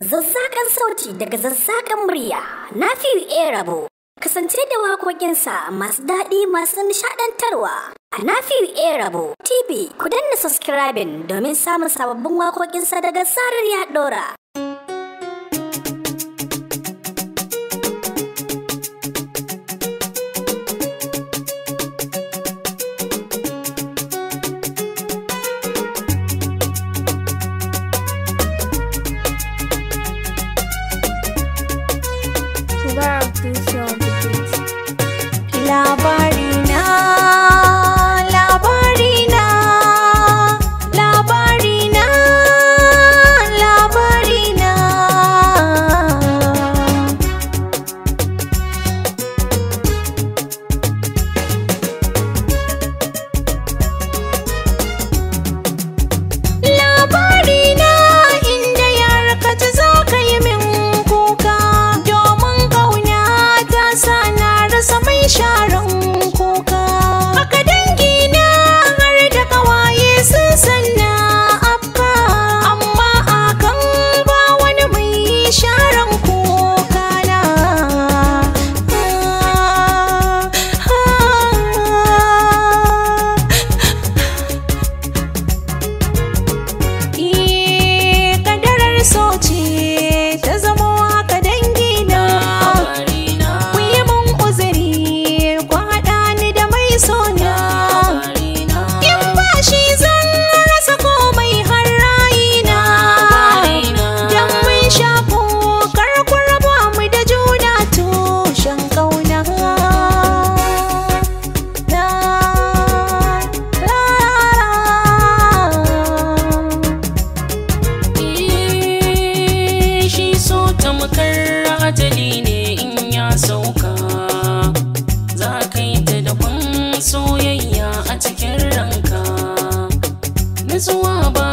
Zazzakan sauti daga zazzakan murya na fiye Erabo. Kasance da wakokinsa masu daɗi masu nishaɗantarwa a Nafi'u Erabo TV ku danna subscribing domin samun sababbin wakokinsa daga tsarin ya ɗora. about this.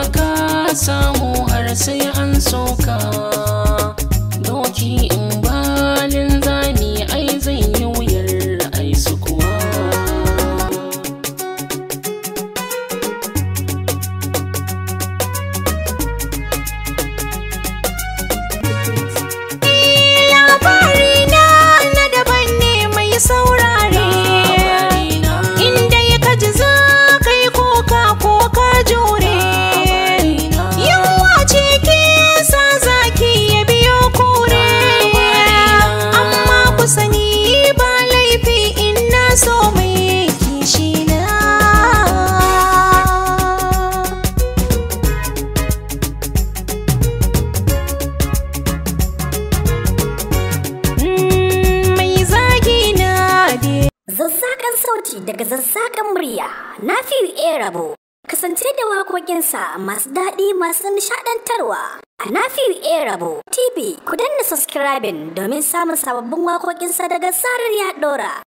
ka samu har sai an soka doki in ba. daga zazzakan murya na fiye erabo kasance da waƙoƙinsa masu daɗi masu nishaɗantarwa a na nafiyu erabo tv ku danna subscribing domin samun sababbin waƙoƙinsa daga tsarin ya ɗora